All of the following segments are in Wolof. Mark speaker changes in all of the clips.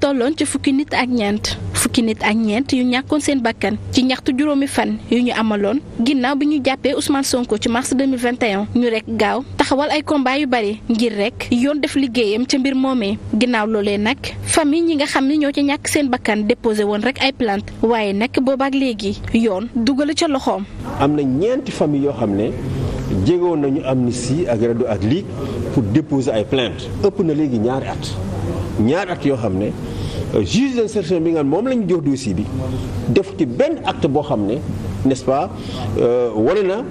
Speaker 1: tolloon ci fukki nit ak ñeent fukki nit ak ñeent yu ñàkkoon seen bakkan ci ñaxtu juróomi fan yu ñu amaloon ginnaaw bi ñu jàppee Ousmane Sonko ci mars 2021 ñu rek gaaw taxawal ay combat yu bari ngir rek yoon def liggéeyam ca mbir moomee ginnaaw loolee nag famille ñi nga xam ne ñoo ci ñàkk seen bakkan déposé woon rek ay plainte waaye nag boobaak léegi yoon dugal ca loxoom.
Speaker 2: am na ñeenti famille yoo xam ne jegoon nañu amnistie ak RADDHO ak Ligue pour déposer ay plainte ëpp na léegi ñaari at ñaari at yoo xam ne. Euh, juge d'instruction bi nga moom la ñu jox dossier bi def ci benn act boo xam ne n'est-ce pas euh, wane na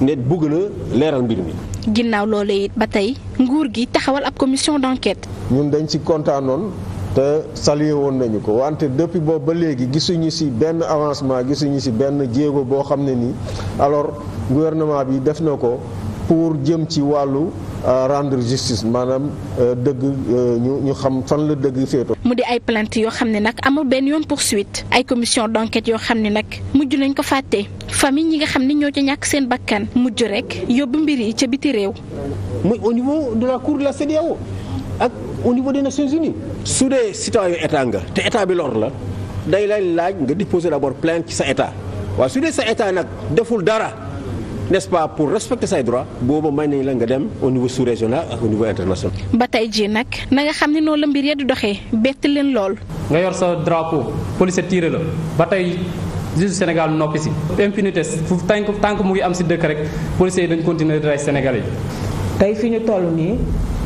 Speaker 2: ne bugg la leeral mbir mi.
Speaker 1: ginnaaw loolee it ba tey nguur gi taxawal ab commission d'enquête.
Speaker 2: ñun dañ ci kontaanoon te
Speaker 3: salué woon nañu ko wante depuis boobu ba léegi gisuñu ci benn avancement gisuñu ci benn jéego boo xam ne nii alors gouvernement bi def na ko pour jëm ci wàllu. Euh, rendre justice maanaam euh, dëgg euh, ñu ñu xam fan la dëgg féetoo. mu
Speaker 1: di ay plainte yoo xam ne nag amul benn yoon poursuite ay commission d'enquête yoo xam ne nag mujj nañ ko fàtte famille ñi nga xam ni ñoo ca ñàkk seen bakkan mujj rek yóbbu mbir yi ca biti réew.
Speaker 2: muy au niveau de la cour ak au niveau des Nations Unies. su dee citoyen yu état nga te état bi lor la day lay laaj nga déposer d'abord plainte ci sa état waaye su dee sa état nag deful dara. n'est-ce pas pour respecter say droit booba may nañ la nga dem au niveau sous-régional ak au international.
Speaker 1: ba tey jii nag na nga xam ne noonu la mbir ya di doxee bett leen lool.
Speaker 2: nga yor sa drapeau police la ba tey Sénégal noppi si impunité fu tànk tànk mu am si dëkk rek policiers yi dañ continuer di rey Sénégalais yi.
Speaker 4: tey fi ñu toll nii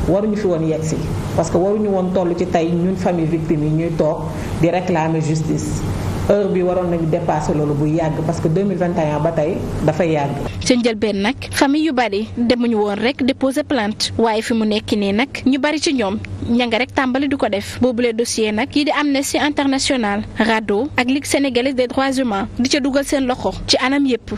Speaker 4: waruñu fi woon yegg si parce que waruñu woon toll ci tey ñun famille victime yi ñuy toog di réclamer justice. heure bi waroon nañu dépassé loolu bu yàgg parce que 2021 ba tey dafa yàgg.
Speaker 1: ca njëlbeen nag famille yu bari demuñu woon rek déposer plante waaye fi mu nekk nii nag ñu bari ci ñoom ña nga rek tàmbali du ko def boobule dossier nag yi di Amnesty International RADDHO ak Ligue sénégalaise des droits di ca dugal seen loxo ci anam yépp.